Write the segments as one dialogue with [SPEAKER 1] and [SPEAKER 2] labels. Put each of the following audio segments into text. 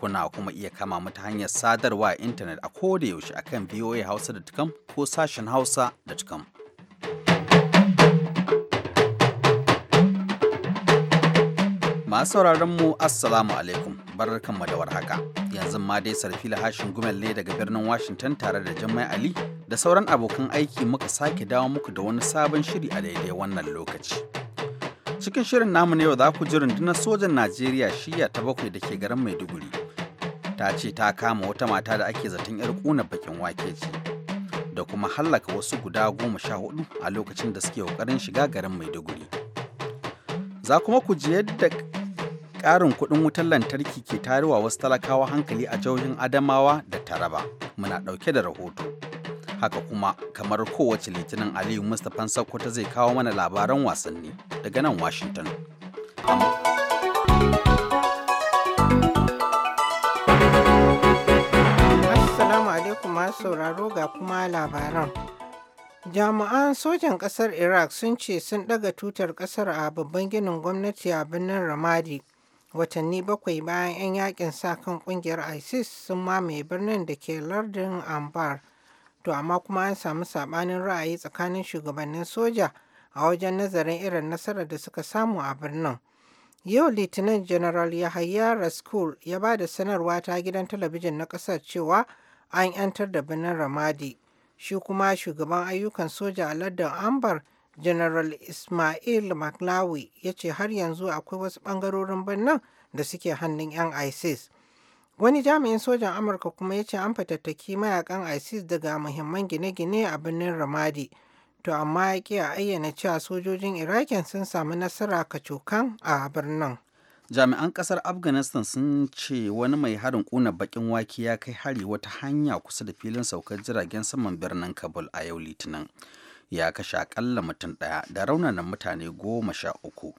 [SPEAKER 1] Kuna kuma iya kama mata hanyar sadarwa a intanet a koda yaushe akan voahausa.com ko sashen hausa.com. Masu sauraron mu Assalamu alaikum barkanmu da warhaka. Yanzu ma dai sarfila hashin gumel ne daga birnin Washington tare da Jummai Ali da sauran abokan aiki muka sake dawo muku da wani sabon shiri a daidai wannan lokaci. Cikin shirin namu na yau za ku ji rundunar sojan Najeriya shiya ta bakwai da ke garin Maiduguri ta ce ta kama wata mata da ake zaton 'yar kuna bakin wake ce da kuma hallaka wasu guda goma sha hudu a lokacin da suke kokarin shiga garin maiduguri za kuma ku ji yadda ƙarin kuɗin wutar lantarki ke tarewa wasu talakawa hankali a jihohin adamawa da taraba muna ɗauke da rahoto haka kuma kamar kowace litinin aliyu mustapha ta zai kawo mana labaran wasanni daga nan washington
[SPEAKER 2] Kuma masu sauraro ga kuma labaran. Jami'an sojan ƙasar Iraq sun ce sun ɗaga tutar ƙasar a babban ginin gwamnati a birnin Ramadi. Watanni bakwai bayan 'yan yakin sa kan ƙungiyar ISIS sun mamaye birnin da ke lardin Ambar. To amma kuma an samu saɓanin ra'ayi tsakanin shugabannin soja a wajen nazarin irin nasarar da suka samu a birnin. Yau Litinin General Yahaya Raskul ya ba da sanarwa ta gidan talabijin na ƙasar cewa an 'yantar da binin ramadi shi kuma shugaban ayyukan soja a lardin ambar general ismail maklawi ya ce har yanzu akwai wasu bangarorin birnin da suke hannun 'yan isis wani jami'in sojan amurka kuma ya ce an fatattaki mayakan isis daga muhimman gine-gine a birnin ramadi to amma ya ayyana cewa sojojin irakin sun samu nasara kacokan a birnin
[SPEAKER 1] jami'an ƙasar afghanistan sun ce wani mai harin ƙuna bakin wake ya kai hari wata hanya kusa da filin saukar jiragen saman birnin kabul a yau litinin ya kashe akalla mutum ɗaya da raunanan mutane goma sha uku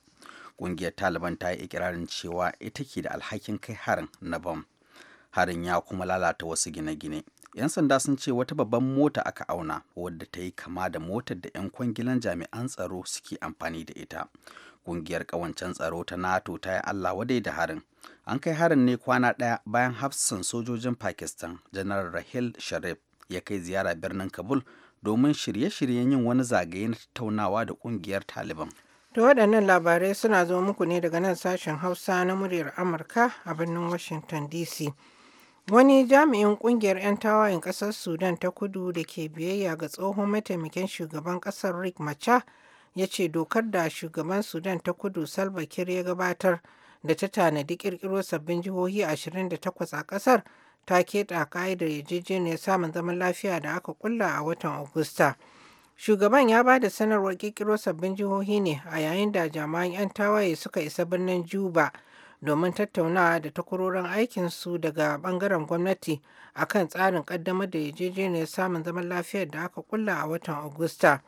[SPEAKER 1] Ƙungiyar taliban ta yi ikirarin cewa ita ke da alhakin kai harin na bam harin ya kuma lalata wasu gine-gine 'yan sanda sun ce wata babban mota aka auna wadda ta yi kama da motar da 'yan kwangilan jami'an tsaro suke amfani da ita kungiyar kawancen tsaro ta nato ta yi allah wadai da harin an kai harin ne kwana ɗaya bayan hafsan sojojin pakistan janar rahil sharif ya kai ziyara birnin kabul domin shirye-shiryen yin wani zagaye na tattaunawa da kungiyar taliban
[SPEAKER 2] to waɗannan labarai suna zo muku ne daga nan sashen hausa na muryar amurka a birnin washington dc Wani jami'in kungiyar 'yan tawayen kasar Sudan ta kudu da ke biyayya ga tsohon mataimakin shugaban kasar Rick Macha ya ce dokar da shugaban Sudan ta kudu Salva Kiir ya gabatar da ta tanadi kirkiro sabbin jihohi 28 a kasar ta keɗa ka'idar yarjejeniyar samun zaman lafiya da aka kulla a watan Agusta. Shugaban ya ba da sanarwar kirkiro sabbin jihohi ne a yayin da jami'an 'yan tawaye suka isa birnin Juba domin tattaunawa da takwarorin aikinsu daga bangaren gwamnati a kan tsarin kaddamar da yarjejeniyar samun zaman lafiyar da aka kulla a watan agusta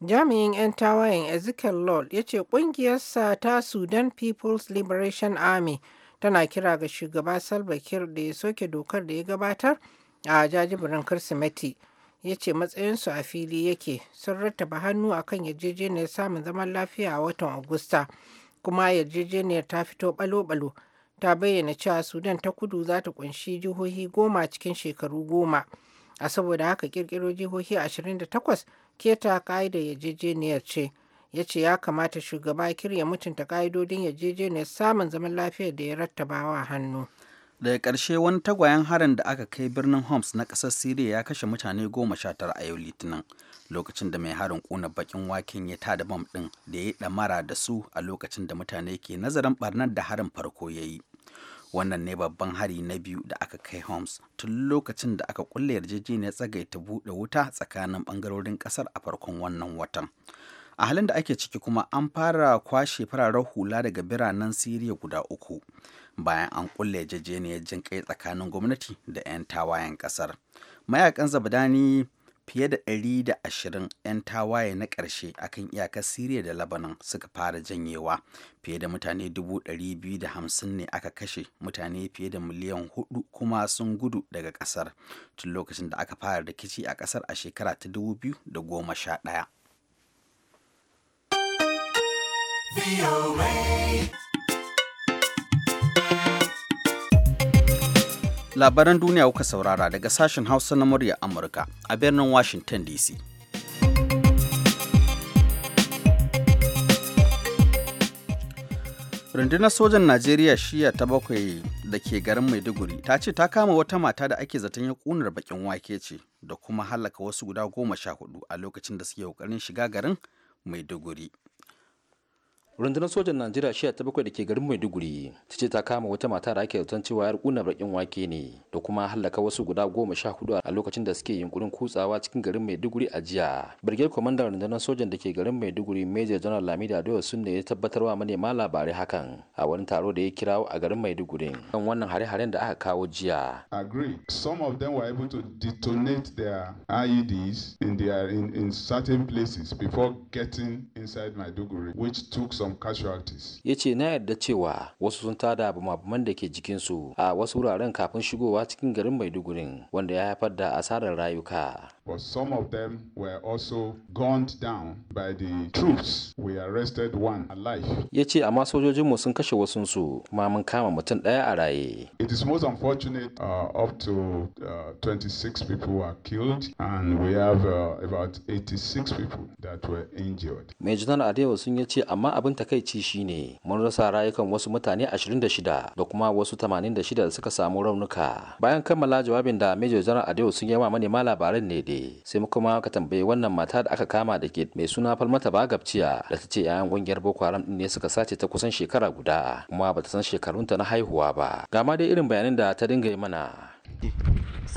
[SPEAKER 2] jami'in 'yan tawayen ezekiel lord ya ce kungiyarsa ta sudan people's liberation army tana kira ga shugaba salva kiir da ya soke dokar da ya gabatar a jajibirin kirsimeti ya ce matsayinsu a fili yake sun rattaba hannu akan yarjejeniyar samun zaman lafiya a watan agusta kuma yarjejeniyar ta fito balo-balo ta bayyana cewa sudan ta kudu za ta kunshi jihohi goma cikin shekaru goma a saboda haka kirkiro jihohi 28 keta ka'idar yarjejeniyar ce ya ce ya kamata shugaba kirya mutunta ka'idodin yarjejeniyar samun zaman lafiyar da ya rattabawa hannu
[SPEAKER 1] daga ƙarshe wani tagwayen harin da aka kai birnin homs na ƙasar syria ya kashe mutane goma sha tara a yau litinin lokacin da mai harin kuna bakin waken ya tada bam ɗin da ya yi ɗamara da su a lokacin da mutane ke nazarin barnar da harin farko ya yi wannan ne babban hari na biyu da aka kai homs tun lokacin da aka kulle yarjejeniyar tsagaita buɗe wuta tsakanin ɓangarorin ƙasar a farkon wannan watan a halin da ake ciki kuma an fara kwashe fararen hula daga biranen siriya guda uku bayan an kulle yarjejeniyar jin kai tsakanin gwamnati da 'yan tawayen ƙasar mayakan zabadani fiye da 120 'yan tawaye na ƙarshe akan iyakar Siriya da Lebanon suka fara janyewa. Fiye da mutane 250 ne aka kashe, mutane fiye da miliyan hudu kuma sun gudu daga ƙasar tun lokacin da aka fara rikici a ƙasar a shekara ta 2011. labaran duniya kuka saurara daga sashen hausa na murya amurka a birnin washington dc rundunar sojan najeriya shiya ta bakwai da ke garin maiduguri ta ce ta kama wata mata da ake zaton ya kunar bakin wake ce da kuma halaka wasu guda goma sha hudu a lokacin da
[SPEAKER 3] suke kokarin shiga garin maiduguri rundunar sojan najeriya shiya ta bakwai da ke garin maiduguri ta ce ta kama wata mata da ake zaton cewa yar kunar bakin wake ne da kuma hallaka wasu guda goma sha hudu a lokacin da suke yunkurin kutsawa cikin garin maiduguri a jiya birgir kwamandan rundunar sojan da ke garin maiduguri major general lamida adewa sun ne ya tabbatar wa manema labarai hakan a wani taro da ya kirawo a garin maiduguri kan wannan hare-haren da aka kawo jiya.
[SPEAKER 4] agree some of them were able to detonate their ieds in certain places before getting inside maiduguri which took some some casualties. Ya ce
[SPEAKER 3] na yarda cewa wasu sun tada bumabuman da ke jikinsu a wasu wuraren kafin shigowa cikin garin Maiduguri wanda ya haifar da asarar rayuka.
[SPEAKER 4] but some of them were also gunned down by the troops. We arrested one alive.
[SPEAKER 3] Ya ce amma sojojinmu sun kashe su ma mun kama mutum ɗaya a raye.
[SPEAKER 4] It is most unfortunate uh, up to uh, 26 people were killed and we have uh, about 86 people that were injured.
[SPEAKER 3] Mai jinan Adewa sun ya ce amma abin takaici shine mun rasa rayukan wasu mutane 26 da kuma wasu 86 da suka samu raunuka. Bayan kammala jawabin da Major General Adewa sun yi wa manema labaran ne dai. sai sai kuma ka tambayi wannan mata da aka kama da ke mai suna falmata ba gabciya? da ta ce yayan kungiyar boko haram din ne suka sace ta kusan shekara guda kuma bata san shekarunta na haihuwa ba ga ma dai irin bayanan da ta dinga yi mana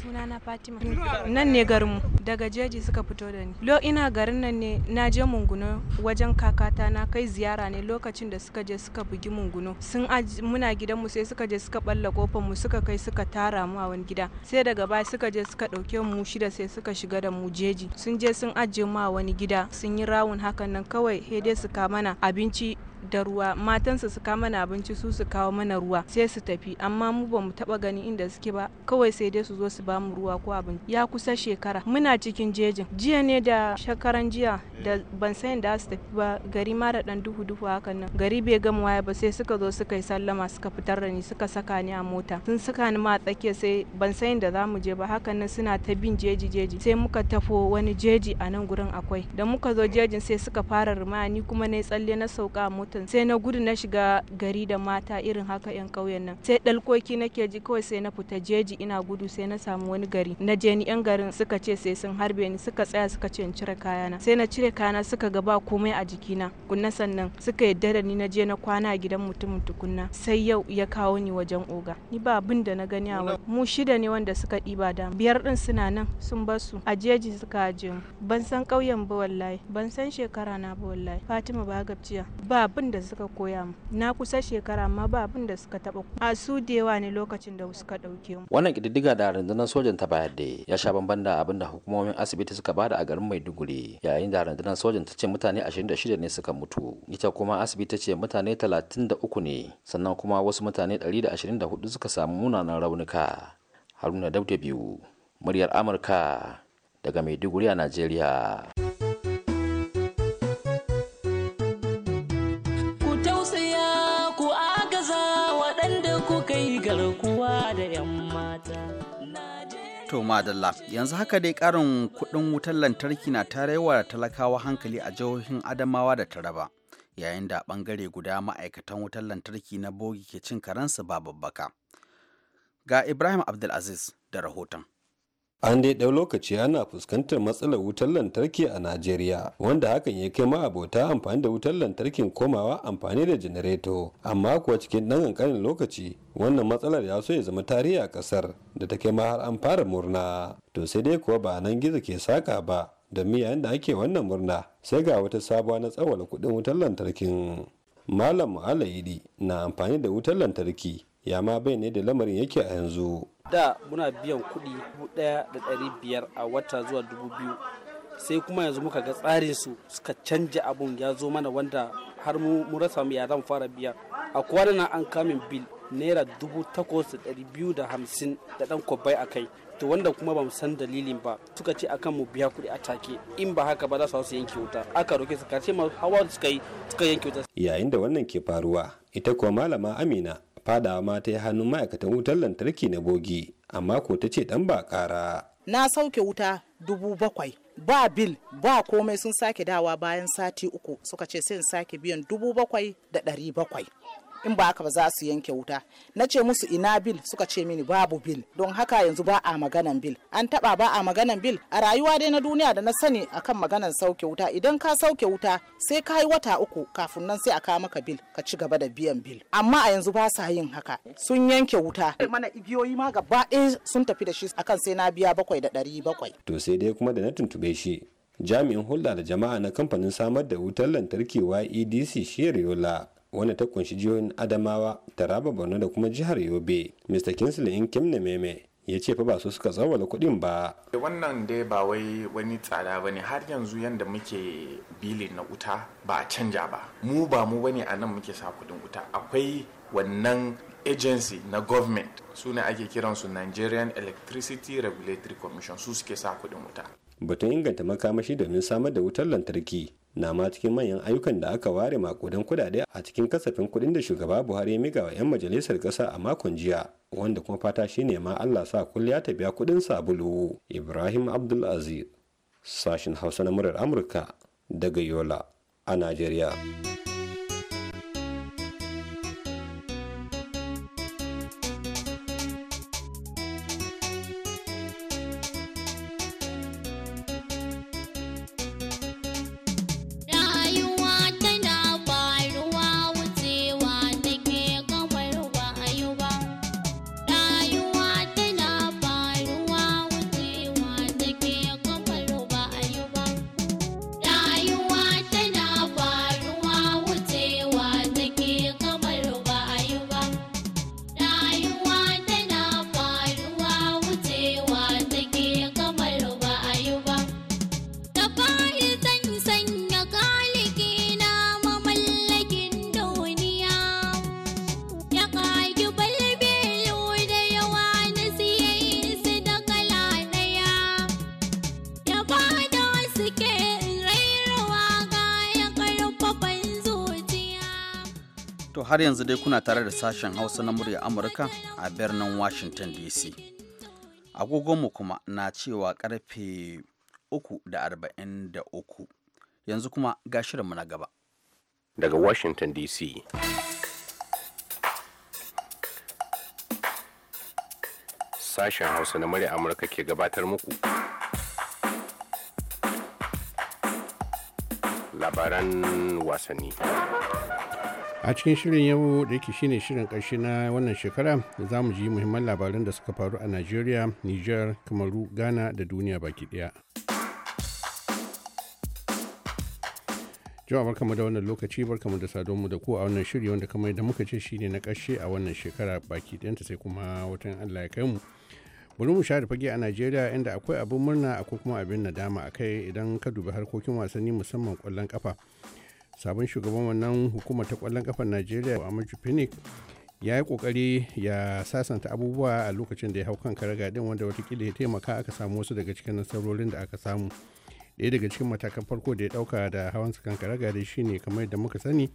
[SPEAKER 5] sunana fatima nan ne garinmu daga jeji suka fito da ni lo ina garin nan ne na je munguno wajen kakata na kai ziyara ne lokacin da suka je suka bugi munguno sun muna gidan mu sai suka je suka balla kofar mu suka kai suka tara mu a wani gida sai daga baya suka je suka dauke mu shida sai suka shiga da mu jeji sun je sun ajiye mu a wani gida sun yi rawun hakan nan kawai dai su mana abinci da ruwa matansa su kawo mana abinci su su kawo mana ruwa sai su tafi amma mu ba mu taba gani inda suke ba kawai sai dai su zo su bamu ruwa ko abinci ya kusa shekara muna cikin jejin jiya ne da shekaran jiya da ban san da su tafi ba gari ma da ɗan duhu duhu hakan nan gari bai gama waya ba sai suka zo suka yi sallama suka fitar da ni suka saka ni a mota sun saka ni ma a tsakiya sai ban san da za mu je ba hakan nan suna ta bin jeji jeji sai muka tafo wani jeji a nan gurin akwai da muka zo jejin sai suka fara rumani kuma na tsalle na sauka a mota mutum sai na gudu na shiga gari da mata irin haka yan ƙauyen nan sai ɗalkoki nake ji kawai sai na fita jeji ina gudu sai na samu wani gari na je ni yan garin suka ce sai sun harbe ni suka tsaya suka ce in cire kayana sai na cire kayana suka gaba komai a jikina kunna sannan suka yadda da ni na je na kwana a gidan mutumin tukunna sai yau ya kawo ni wajen oga ni ba abin da na gani a mu shida ne wanda suka ɗiba da biyar din suna nan sun su. a jeji suka ajiye mu ban san ƙauyen ba wallahi ban san shekara na ba wallahi fatima ba gabciya ba abin abin da suka koya mu na kusa shekara amma ba abin da suka taba a su da yawa ne lokacin da suka dauke mu
[SPEAKER 3] wannan kididdiga da rundunar sojan ta bayar da ya sha banban da abin da hukumomin asibiti suka bada a garin Maiduguri yayin da rundunar sojan ta ce mutane 26 ne suka mutu ita kuma asibiti ce mutane 33 ne sannan kuma wasu mutane 124 suka samu munanan raunuka Haruna Dauda biyu muryar Amurka daga Maiduguri a Najeriya.
[SPEAKER 1] To madalla yanzu haka dai karin kuɗin wutar lantarki na tarewa da talakawa hankali a jihohin Adamawa da Taraba. Yayin da ɓangare guda ma'aikatan wutar lantarki na bogi ke cin karansu ba babbaka. Ga Ibrahim Abdulaziz
[SPEAKER 6] da rahoton. an dai ɗau lokaci ana fuskantar matsalar wutar lantarki a najeriya wanda hakan ya kai ma'abota amfani da wutar lantarkin komawa amfani da janareto amma kuwa cikin ɗan ƙanƙanin lokaci wannan matsalar ya so ya zama tarihi a ƙasar da ta kai ma har an fara murna to sai dai kuwa ba nan gizo ke saka ba da miyayen da ake wannan murna sai ga wata sabuwa na tsawala kuɗin wutar lantarkin malam alayidi na amfani da wutar lantarki ya ma bai ne da lamarin yake a yanzu
[SPEAKER 7] da muna biyan kuɗi biyar a wata zuwa dubu biyu sai kuma yanzu muka ga tsarin su suka canja abun ya zo mana wanda har mu rasa mu zan fara biya a kwanan an kamin bil naira dubu takwas da ɗari biyu da hamsin da ɗan kwabai a kai to wanda kuma ba mu san dalilin ba suka ce akan mu biya kuɗi a take in ba haka ba za su yanke wuta aka roke su karshe ma hawa suka yi suka yanke wuta
[SPEAKER 6] yayin da wannan ke faruwa ita kuwa malama amina fadawa ma ta yi hannun ma'aikatan wutar lantarki na bogi amma ko ta ce dan ba kara
[SPEAKER 8] na sauke wuta dubu bakwai ba bil ba komai sun sake dawa bayan sati uku suka ce sai sake biyan dubu bakwai da ɗari bakwai in ba haka ba za su yanke wuta na ce musu ina bil suka ce mini babu bil don haka yanzu ba a maganan bil an taba ba a maganan bil a rayuwa dai na duniya da na sani akan maganan sauke wuta idan ka sauke wuta sai ka yi wata uku kafin nan sai a kawo maka bil ka ci gaba da biyan bil amma a yanzu ba sa yin haka sun yanke wuta mana igiyoyi ma gaba ɗaya sun tafi da shi akan sai na biya bakwai da ɗari bakwai
[SPEAKER 6] to sai dai kuma da na tuntube shi jami'in hulɗa da jama'a na kamfanin samar da wutar lantarki ydc e shiyar yola wanda ta kunshi jihohin adamawa taraba borno da kuma jihar yobe mista kinsley in kemne meme ya ce fa ba su suka tsawala kuɗin ba
[SPEAKER 8] eh, wannan dai ba wai wani tsada ne har yanzu yanda muke bilin na wuta ba a canja ba mu ba mu bane a nan muke sa kuɗin wuta akwai wannan agency na government su ne ake kiransu nigerian electricity regulatory commission su suke sa kuɗin wuta
[SPEAKER 6] batun inganta makamashi domin samar da wutar lantarki na ma cikin manyan ayyukan da aka ware makudan kudade a cikin kasafin kudin da shugaba buhari ya miga wa 'yan majalisar kasa a makon jiya wanda kuma fata shine ma allah sa kulliya ta biya kudin sabulu ibrahim abdulaziz sashin hausa na murar amurka daga yola a najeriya
[SPEAKER 1] har yanzu dai kuna tare da sashen hausa na murya amurka a birnin washington dc agogonmu kuma na cewa karfe 3:43 yanzu kuma ga shirinmu na gaba
[SPEAKER 9] daga washington dc sashen hausa na murya amurka ke gabatar muku labaran wasanni a cikin shirin yau da yake shine shirin karshe na wannan shekara za mu ji muhimman labaran da suka faru a nigeria niger kamaru ghana da duniya baki daya. jama'a barkamu da wannan lokaci barkamu da sadon mu da ku a wannan shiri wanda kamar da muka ce shi ne na karshe a wannan shekara baki ɗayanta sai kuma watan allah ya kai mu bari mu share fage a nigeria inda akwai abin murna akwai kuma abin nadama a kai idan ka dubi harkokin wasanni musamman kwallon kafa. sabon shugaban wannan hukumar ta kwallon kafar najeriya a pinnick ya yi kokari ya sasanta abubuwa a lokacin da ya hau kan karaga din wanda watakila ya taimaka aka samu wasu daga cikin nasarorin da aka samu ɗaya daga cikin matakan farko da ya ɗauka da hawan kan karaga dai shine kamar yadda muka sani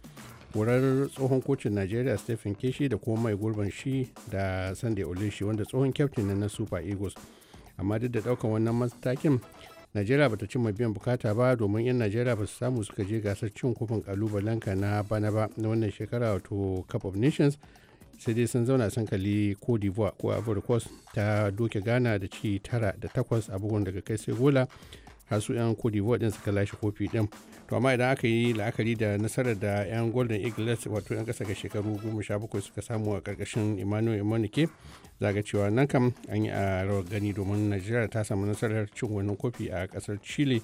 [SPEAKER 9] wurar tsohon kocin najeriya stephen keshi da kuma mai gurban shi da sunday olishi wanda tsohon kyaftin na super eagles amma duk da ɗaukan wannan matakin najeriya bata cimma biyan bukata ba domin yan najeriya ba su samu suka je gasar cin kofin ka na bana ba na wannan shekara wato cup of nations sai dai sun zauna sun kalli ko d'ivoire ko ivory coast ta doke ghana da ci tara da takwas a bugun daga kai sai gola har su 'yan cote d'ivoire din suka lashe kofi din to amma idan aka yi la'akari da nasarar da 'yan golden eagles wato 'yan kasa ga shekaru goma sha suka samu a karkashin emmanuel emonike zaga cewa nan kam an yi a rawar gani domin najeriya ta samu nasarar cin wannan kofi a kasar chile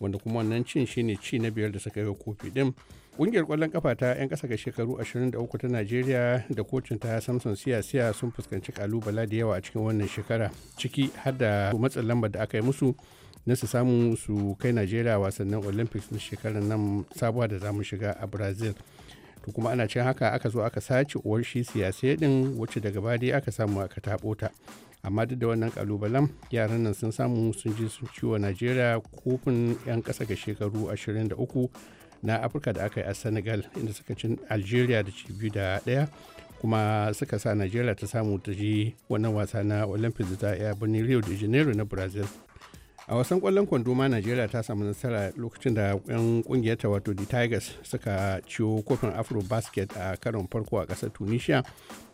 [SPEAKER 9] wanda kuma wannan cin shine ci na biyar da suka yi kofi din kungiyar kwallon kafa ta 'yan kasa ga shekaru 23 ta najeriya da kocin ta samson siya-siya sun fuskanci kalubala da yawa a cikin wannan shekara ciki har da matsin lambar da aka yi musu na su samu su kai najeriya wasannin olympics na shekarar nan sabuwa da zamu shiga a brazil to kuma ana cin haka aka zo aka sace uwar shi siyasa din wacce daga badi aka samu aka taɓo ta amma duk da wannan kalubalen yaran nan sun samu sun ji sun ciwo najeriya kofin 'yan kasa ga shekaru 23 na afirka da aka yi a senegal inda suka cin algeria da ci biyu da daya kuma suka sa najeriya ta samu ta ji wannan wasa na olympics da ta a birnin rio de janeiro na brazil a wasan kwallon kwando ma najeriya ta samu nasara lokacin da yan kungiyar ta wato the tigers suka ciwo kofin afro basket a karon farko a kasar tunisia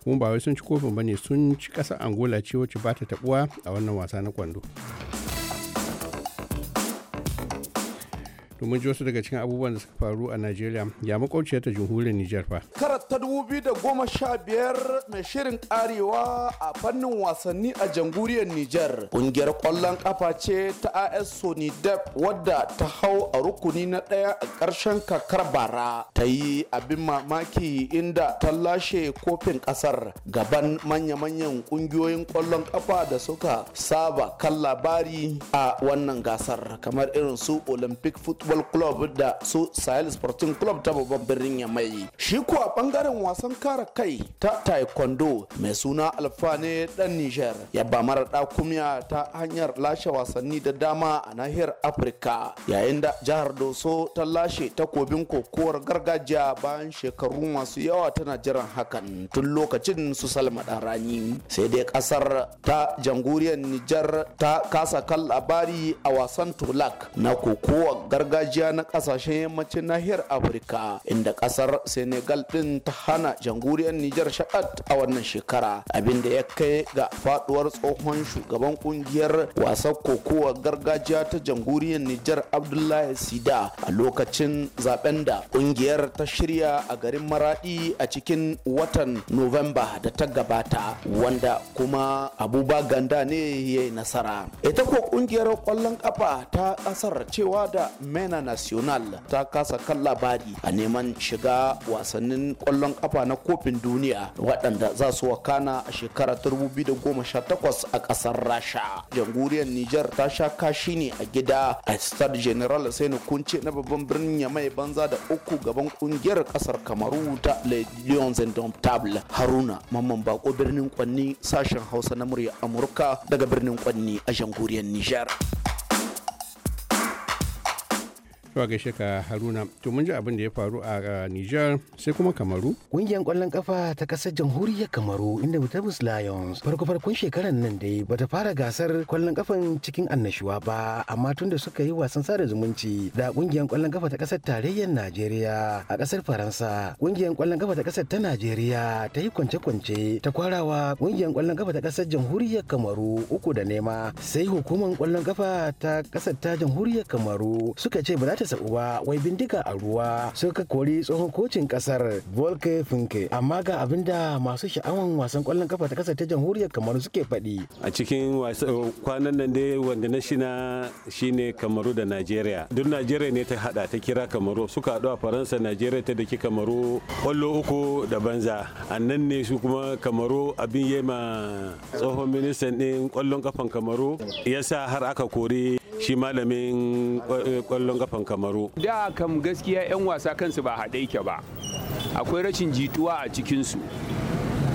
[SPEAKER 9] kuma ba wai sun ci kofin bane sun ci kasar angola ce wacce ba ta tabuwa a wannan wasa na kwando domin ji wasu daga cikin abubuwan da suka faru a Najeriya ya makwabciyar ta jamhuriyar Nijar fa.
[SPEAKER 4] Karar ta biyar mai shirin karewa a fannin wasanni a jamhuriyar Nijar. ƙungiyar kwallon kafa ce ta AS Sonidep wadda ta hau a rukuni na ɗaya a ƙarshen kakar bara ta yi abin mamaki inda ta lashe kofin ƙasar gaban manya-manyan ƙungiyoyin ƙwallon kafa da suka saba kan labari a wannan gasar kamar irin su Olympic Football football club da su sahel sporting club ta babban birnin yamai shi kuwa bangaren wasan kare kai ta taekwondo mai suna alfane dan niger ya ba mara dakumiya ta hanyar lashe wasanni da dama a nahiyar afirka yayin da jihar doso ta lashe takobin kokowar gargajiya bayan shekaru masu yawa tana jiran hakan tun lokacin su salma rani sai dai kasar ta jamhuriyar nijar ta kasa kan labari a wasan tulak na kokowar gargajiya gargajiya na kasashen yammacin nahiyar afirka inda kasar senegal din ta hana janguriyar nijar shakat a wannan shekara abinda ya kai ga faduwar tsohon shugaban kungiyar wasan kokowa gargajiya ta janguriyar nijar abdullahi sida a lokacin zaben da kungiyar ta shirya a garin maradi a cikin watan novemba da ta gabata wanda kuma abuba ganda ne ya yi nasara ita ko kungiyar kwallon kafa ta kasar cewa da men arena national ta kasa kan labari a neman shiga wasannin kwallon kafa na kofin duniya waɗanda za su wakana a shekara da goma takwas a ƙasar rasha jamhuriyar niger ta sha kashi ne a gida a star general sai kunce na babban birnin ya mai banza da uku gaban kungiyar ƙasar kamaru ta legion indomitable haruna mamman bako birnin kwanni sashen hausa na murya amurka daga birnin kwanni a jamhuriyar niger
[SPEAKER 9] Tuwa gaishe ka Haruna, to mun ji abin da ya faru a Nijar sai kuma Kamaru. Ƙungiyar ƙwallon ƙafa
[SPEAKER 8] ta ƙasar jamhuriyar Kamaru inda Mutabus Lions farko farkon shekarar nan dai bata fara gasar ƙwallon ƙafan cikin annashuwa ba amma tun da suka yi wasan sada zumunci da ƙungiyar ƙwallon ƙafa ta ƙasar tarayyar Najeriya a ƙasar Faransa. Ƙungiyar ƙwallon ƙafa ta ƙasar ta Najeriya ta yi kwance-kwance ta kwarawa ƙungiyar ƙwallon ƙafa ta ƙasar jamhuriyar Kamaru uku da nema sai hukumar ƙwallon ƙafa ta ƙasar ta jamhuriyar Kamaru suka ce ba za haddasa uba wai bindiga a ruwa suka kori tsohon kocin kasar volke funke amma ga abin da masu sha'awan wasan kwallon kafa ta kasar ta jamhuriyar kamaru suke faɗi
[SPEAKER 6] a cikin kwanan nan dai wanda na shi shine kamaru da najeriya duk najeriya ne ta hada ta kira kamaru suka haɗu a faransa najeriya ta daki kamaru kwallo uku da banza annan ne su kuma kamaru abin ma tsohon ministan ɗin kwallon kafan kamaru yasa har aka kori shi malamin kwallon eh, kafan kamaru
[SPEAKER 4] da kam gaskiya 'yan wasa kansu ba haɗe ke ba akwai rashin jituwa a cikinsu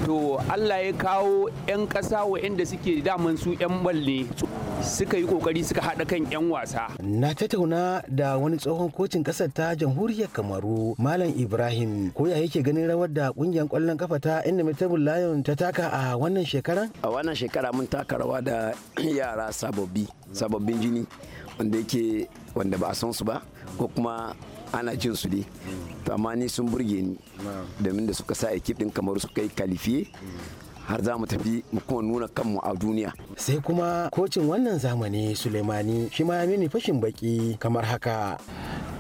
[SPEAKER 4] to allah ya kawo 'yan ƙasa inda suke daman su 'yan balle suka yi kokari suka haɗa kan 'yan wasa.
[SPEAKER 8] Na tattauna da wani tsohon kocin ƙasar ta jamhuriyar Kamaru Malam Ibrahim ko ya yake ganin rawar da ƙungiyar ƙwallon kafa ta Indomitable Lion ta taka a wannan shekara? A wannan shekara mun taka rawa da yara sababbi sababbin jini wanda yake wanda ba a san su ba ko kuma ana jin su ne amma ni sun burge ni domin da suka sa ekip din kamaru suka yi kalifiye har za mu tafi mu kuma nuna kanmu a duniya. Sai kuma kocin wannan zamani Suleimani shi ma mini fashin baki kamar haka.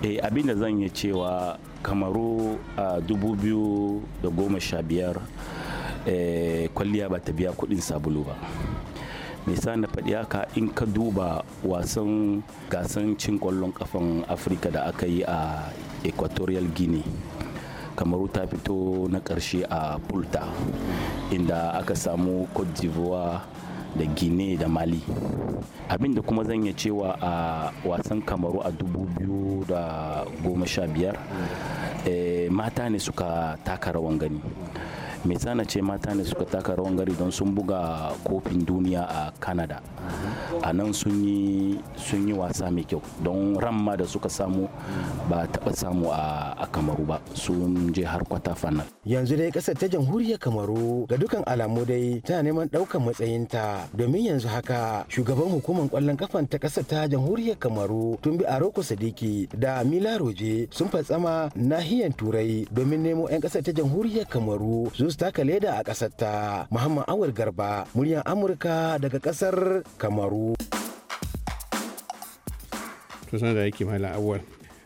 [SPEAKER 8] Eh abin da zan yi cewa kamaru a 2015 da eh, kwalliya ba ta biya kudin sabulu ba. nisa na faɗi haka in ka duba wasan gasan cin kwallon kafan afirka da aka yi a equatorial guinea kamaru ta fito na ƙarshe a pulta inda aka samu cote d'ivoire da guinea da mali abinda kuma zan iya cewa a wasan kamaru a 2015 eh, mata ne suka taka rawan gani mai tsana ce mata ne suka taka rawan gari don sun buga kofin duniya a canada a nan sun yi wasa mai kyau don ramma da suka samu ba taba samu a kamaru ba sun je har kwata fanal yanzu dai kasar ta jamhuriyar kamaru ga dukan alamu dai tana neman daukan matsayinta domin yanzu haka shugaban hukumar kwallon kafan ta kasar ta jamhuriyar kamaru tun bi aroko sadiki da mila roje sun fatsama nahiyar turai domin nemo 'yan kasar ta jamhuriyar kamaru su masu taka leda a ƙasar ta muhammad awar garba muryar amurka daga ƙasar
[SPEAKER 9] kamaru to da yake malam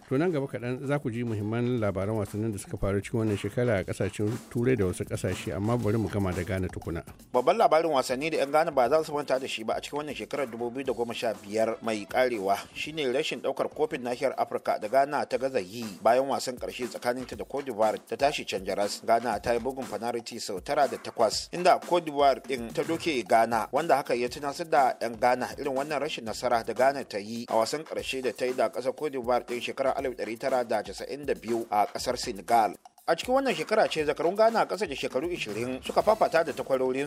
[SPEAKER 9] to nan gaba kaɗan za ku ji muhimman labaran wasannin da suka faru cikin wannan shekara a kasashen turai da wasu kasashe amma bari mu gama da gane tukuna
[SPEAKER 10] babban labarin wasanni da 'yan gane ba za su manta da shi ba a cikin wannan shekarar 2015 mai karewa shine rashin ɗaukar kofin nahiyar afirka da ghana ta gaza yi bayan wasan ƙarshe ta da cote d'ivoire ta tashi can jaras ghana ta yi bugun fanariti sau tara da takwas inda cote d'ivoire ɗin ta doke ghana wanda haka ya tunasar da 'yan ghana irin wannan rashin nasara da ghana ta yi a wasan karshe da ta yi da ƙasar cote d'ivoire din shekara 1992 a ƙasar Senegal. a cikin wannan shekara ce zakarun ghana a da shekaru 20 suka fafata da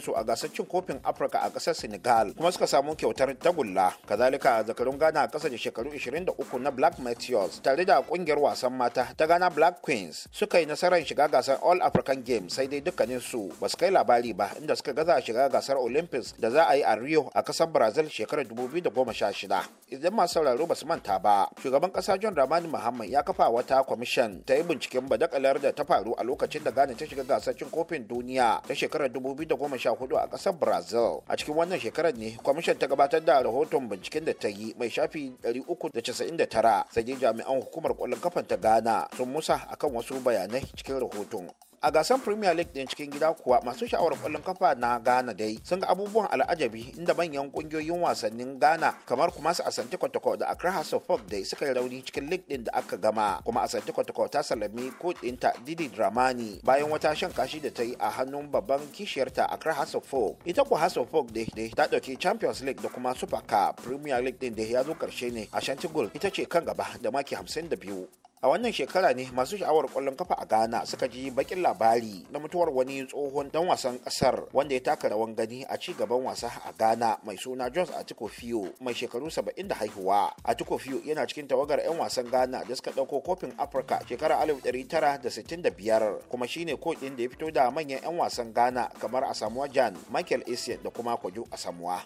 [SPEAKER 10] su a gasar cin kofin afirka a kasar senegal kuma suka samu kyautar tagulla kazalika zakarun ghana a kasa da shekaru 23 na black meteors tare da ƙungiyar wasan mata ta ghana black queens suka yi nasarar shiga gasar all african games sai dai dukkanin su ba su kai labari ba inda suka gaza shiga gasar olympics da za a yi a rio a kasar brazil shekarar 2016 idan masu sauraro ba su manta ba shugaban kasa john ramani muhammad ya kafa wata kwamishin ta yi binciken badakalar da ta faru a lokacin da Ghana ta shiga gasar cin kofin duniya ta shekarar 2014 a kasar Brazil. A cikin wannan shekarar ne kwamishin ta gabatar da rahoton binciken da ta yi mai shafi 399 sai jami'an hukumar kwallon kafan ta Ghana sun musa akan wasu bayanai cikin rahoton. a gasar premier league din cikin gida kuwa masu sha'awar kwallon kafa na ghana dai sun ga abubuwan al'ajabi inda manyan kungiyoyin wasannin ghana kamar kuma su asante kotoko da accra house of hope dai suka yi rauni cikin league din da aka gama kuma asante kotoko ta sallami dinta didi dramani bayan wata shan kashi da ta yi a hannun babban kishiyarta accra house of hope ita kuwa house of hope dai ta dauki champions league da kuma super cup premier league din da ya zo karshe ne a shantigol ita ce kan gaba da maki biyu. a wannan shekara ne masu sha'awar kwallon kafa a ghana suka ji bakin labari na mutuwar wani tsohon dan wasan kasar wanda ya taka rawan gani a ci gaban wasa a ghana mai suna jones atikofio mai shekaru saba'in da haihuwa atikofio yana cikin tawagar 'yan wasan ghana da suka dauko kofin afirka shekara 1965 kuma shine ko din da ya fito da manyan 'yan wasan ghana kamar asamuwa jan michael essien da kuma kwajo asamuwa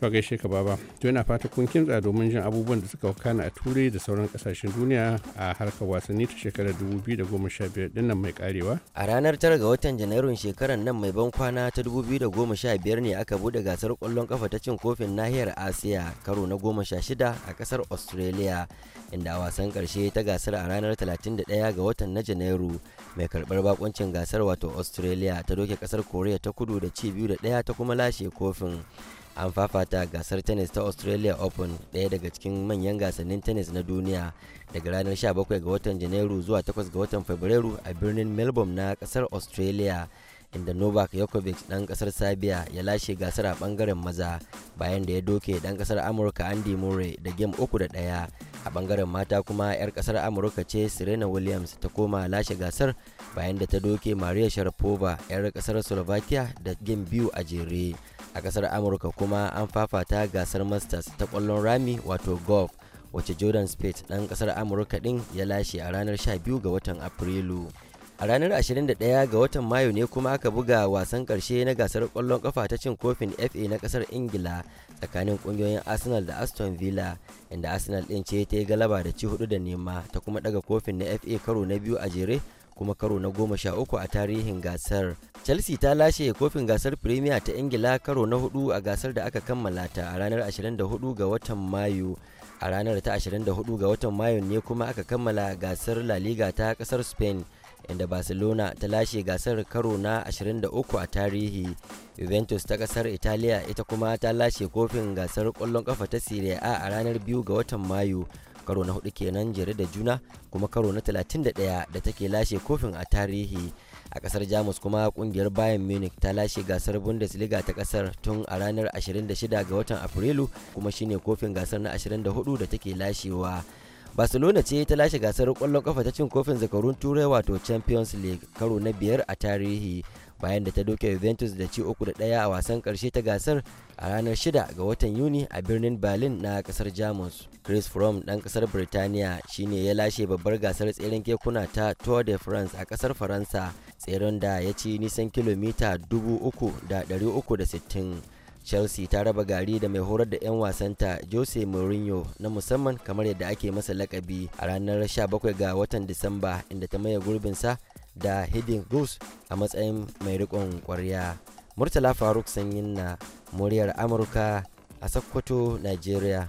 [SPEAKER 9] to gaishe ka baba to yana fata kun kintsa domin jin abubuwan da suka wakana
[SPEAKER 11] a turai da sauran kasashen duniya a harkar wasanni ta shekarar 2015 din nan mai karewa a ranar tara ga watan janairun shekarar nan mai ban kwana ta 2015 ne aka bude gasar kwallon kafa ta cin kofin nahiyar asiya karo na 16 a kasar australia inda a wasan karshe ta gasar a ranar 31 ga watan na janairu mai karbar bakoncin gasar wato australia ta doke kasar korea ta kudu da ci biyu da daya ta kuma lashe kofin an fafata gasar tennis ta australia open daya daga cikin manyan gasannin tennis na duniya daga ranar 17 ga watan janairu zuwa 8 ga watan fabrairu a birnin melbourne na kasar australia inda novak yakovic dan kasar serbia ya lashe gasar a bangaren maza bayan da ya doke dan kasar amurka andy murray da game uku da ɗaya a bangaren mata kuma 'yar kasar amurka ce serena williams ta koma lashe gasar bayan da ta doke maria sharapova 'yar kasar slovakia da game biyu a jere a kasar amurka kuma an fafata gasar masters ta kwallon rami wato golf wacce jordan spate dan kasar amurka ɗin ya lashe a ranar 12 ga watan afrilu a ranar 21 ga watan mayu ne kuma aka buga wasan karshe na gasar kwallon kafa ta cin kofin fa na kasar ingila tsakanin kungiyoyin arsenal da aston villa inda arsenal din ce ta yi galaba da ci hudu da nema ta kuma daga kofin na fa karo na biyu a jere kuma karo na goma sha uku a tarihin gasar chelsea ta lashe kofin gasar premier ta ingila karo na hudu a gasar da aka kammala ta a ranar 24 ga watan mayu a ranar ta 24 ga watan mayu ne kuma aka kammala gasar la liga ta kasar spain inda barcelona ta lashe gasar karo na 23 a tarihi juventus ta kasar italiya ita kuma ta lashe kofin gasar kwallon kafa ta serie a a ranar 2 ga watan mayu karo na hudu kenan jere da juna kuma karo na 31 da take lashe kofin a tarihi a kasar jamus kuma kungiyar bayan munich ta lashe gasar bundesliga ta kasar tun a ranar 26 ga watan afrilu kuma shine kofin gasar na 24 da take lashewa barcelona ce ta lashe gasar kwallon kafa ta cin kofin zakarun turai wato champions league karo na biyar a tarihi bayan da ta doke juventus da ci uku da daya a wasan karshe ta gasar a ranar 6 ga watan Yuni a birnin Berlin na kasar Jamus. Chris from ɗan kasar Birtaniya shine ya lashe babbar gasar tseren kekuna ta Tour de France a kasar Faransa tseren da ya ci nisan kilomita 3,360. Chelsea ta raba gari da mai horar da 'yan wasanta Jose Mourinho na musamman kamar yadda ake masa lakabi a ranar 17 ga watan Disamba inda ta maye gurbinsa da Hidden Goose a matsayin mai riƙon ƙwarya. murtala faruk sanyin na muryar amurka a sokoto nigeria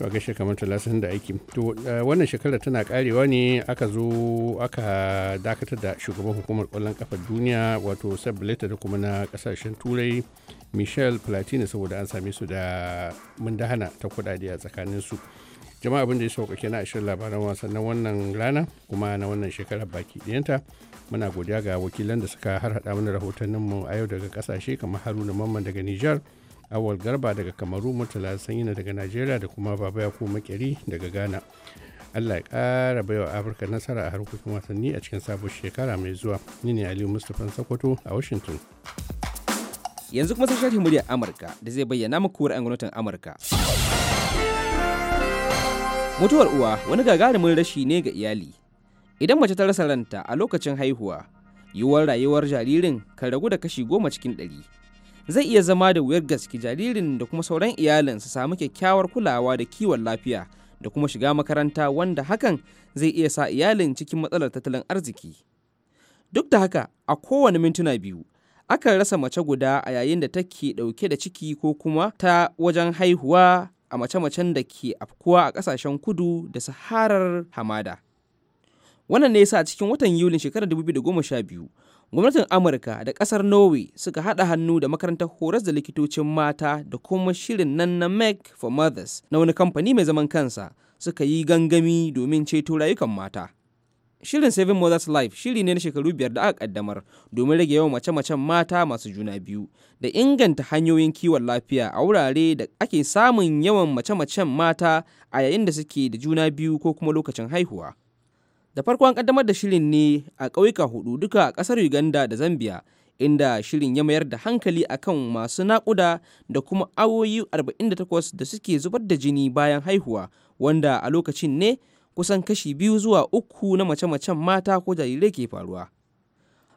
[SPEAKER 9] to gaishe kamar talasin da aiki to eh, wannan shekara tana karewa ne aka zo aka dakatar da shugaban hukumar kwallon kafar duniya wato sabbaleta da kuma na kasashen turai michel platini saboda an same su da mundahana ta kudade a tsakaninsu su jama'a abin da ya sauƙaƙe na shirin labaran wasan na wannan rana kuma na wannan shekara baki ɗayanta muna godiya ga wakilan da suka har harhaɗa mana mu a yau daga ƙasashe kamar haruna mamman daga nijar awal garba daga kamaru murtala sanyina daga najeriya da kuma baba yakubu makeri daga ghana allah ya ƙara baiwa afirka nasara a harkokin wasanni a cikin sabon shekara mai zuwa ni ne aliyu mustapha sokoto a washington
[SPEAKER 7] yanzu kuma sai sharhin murya amurka da zai bayyana muku ra'ayin gwamnatin amurka mutuwar uwa wani gagarumin rashi ne ga iyali idan mace ta rasa ranta a lokacin haihuwa yiwuwar rayuwar jaririn kan ragu da kashi goma cikin ɗari zai iya zama da wuyar gaske jaririn da kuma sauran iyalin su samu kyakkyawar kulawa da kiwon lafiya da kuma shiga makaranta wanda hakan zai iya sa iyalin cikin matsalar tattalin arziki duk da haka a kowane mintuna biyu akan rasa mace guda a yayin da take ɗauke da ciki ko kuma ta wajen haihuwa a mace-macen da ke afkuwa a ƙasashen kudu da saharar hamada. Wannan ne sa cikin watan Yulin shekarar 2012 gwamnatin Amurka da ƙasar Norway suka haɗa hannu da makarantar horas da likitocin mata da kuma shirin nan na Make for Mothers na wani kamfani mai zaman kansa suka yi gangami domin ceto rayukan mata. Shirin Saving Mothers Life shiri ne na shekaru biyar da aka kaddamar domin rage yawan mace-macen mata masu juna biyu da inganta hanyoyin kiwon lafiya a wurare da ake samun yawan mace-macen mata a yayin da suke da juna biyu ko kuma lokacin haihuwa. Da farko an kaddamar da shirin ne a ƙauyuka hudu duka a ƙasar Uganda da Zambia inda shirin ya mayar da hankali akan masu naƙuda da kuma awoyi 48 da suke zubar da jini bayan haihuwa wanda a lokacin ne kusan kashi biyu zuwa uku na mace-macen mata ko jarirai ke faruwa.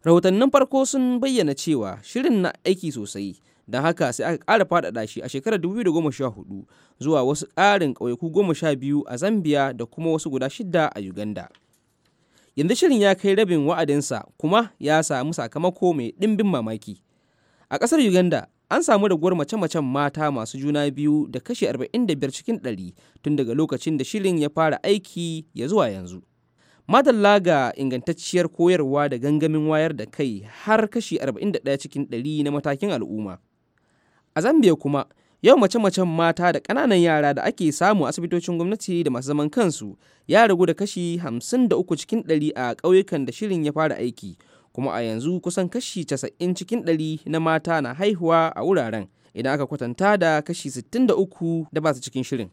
[SPEAKER 7] Rahotannin farko sun bayyana cewa shirin na aiki sosai, don haka sai aka ƙara faɗaɗa shi a shekarar 2014 zuwa wasu ƙarin ƙauyaku goma sha biyu a Zambia da kuma wasu guda shida a Uganda. Yanzu shirin ya kai rabin wa'adinsa kuma ya samu sakamako mai ɗimbin mamaki. A ƙasar Uganda, an samu raguwar mace-macen mata masu juna biyu da kashi 45 cikin 100 tun daga lokacin da shirin ya fara aiki ya zuwa yanzu. matalla ga ingantacciyar koyarwa da gangamin wayar da kai har kashi 41 cikin 100 na matakin al'umma. A Zambia kuma, yau mace-macen mata da ƙananan yara da ake samu asibitocin gwamnati da masu zaman kansu ya ragu da kashi 53 cikin 100 a ƙauyukan da shirin ya fara aiki. kuma a yanzu kusan kashi casa'in cikin ɗari na mata na haihuwa a wuraren idan aka kwatanta da kashi 63 da ba su cikin shirin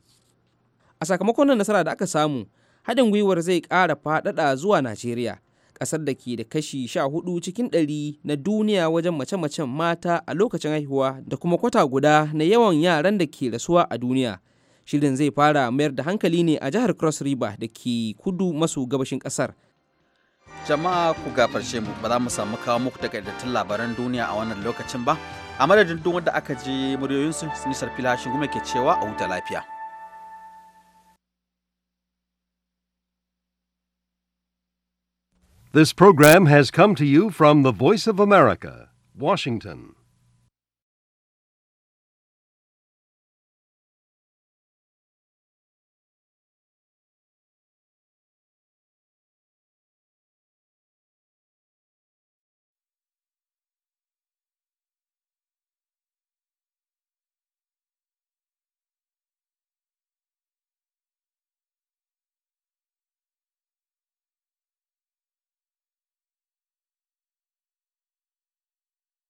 [SPEAKER 7] a sakamakon nan nasara da aka samu haɗin gwiwar zai ƙara faɗaɗa zuwa najeriya ƙasar da ke da kashi 14 cikin ɗari na duniya wajen mace-macen mata a lokacin haihuwa da kuma kwata guda na yawan yaran da ke rasuwa a duniya shirin zai fara mayar da hankali ne a jihar cross river da ke kudu maso gabashin ƙasar
[SPEAKER 1] jama'a ku gafarce mu ba za mu samu kawo muku takaitattun labaran duniya a wannan lokacin ba a madadin duk wanda aka je muryoyinsu sun sarfi lashi kuma ke cewa a huta lafiya
[SPEAKER 6] This program has come to you from the Voice of America, Washington.